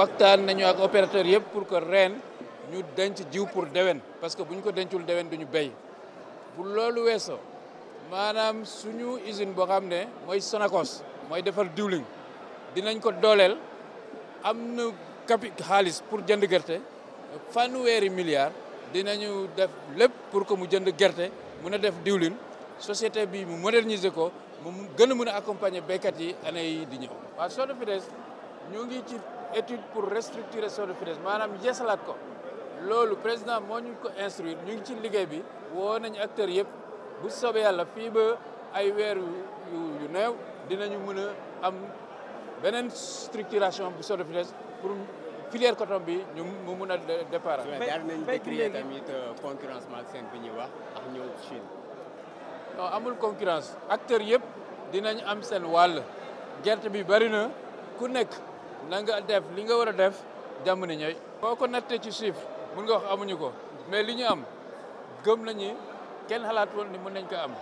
waxtaan nañu ak opérateur yëpp pour que ren ñu denc jiw pour dewen parce que bu ñu ko dencul dewen ñu béy bu loolu weesoo maanaam suñu usine boo xam ne mooy Sonacos mooy defar diwlin dinañ ko dooleel am na capi xaalis pour jënd gerte weeri fanweeri dina ñu def lépp pour que mu jënd gerte mun a def diwlin société bi mu moderniser ko mu gën a mën a accompagner béykat yi année yi di ñëw ñu ngi ci étude pour restructurer son de finance Madame Jess ko président moo instruit, ko instruire ñu ngi acteurs vous bu la yàlla structuration pour filière coton bi ñu un a la euh, concurrence maak bi wax Chine. non concurrence acteurs sont dinañ am wall na nga def li nga war a def jàmm ni ñooy boo ko nattee ci suuf mun nga wax amuñu ko mais li ñu am gëm nañu kenn xalaat woon ni mun nañ ko am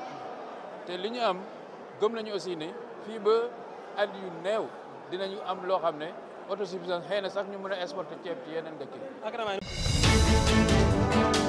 te li ñu am gëm nañu aussi ni fii ba at yu neew dinañu am loo xam autosuffisance xëy sax ñu mun exporter ci yeneen dëkk yi.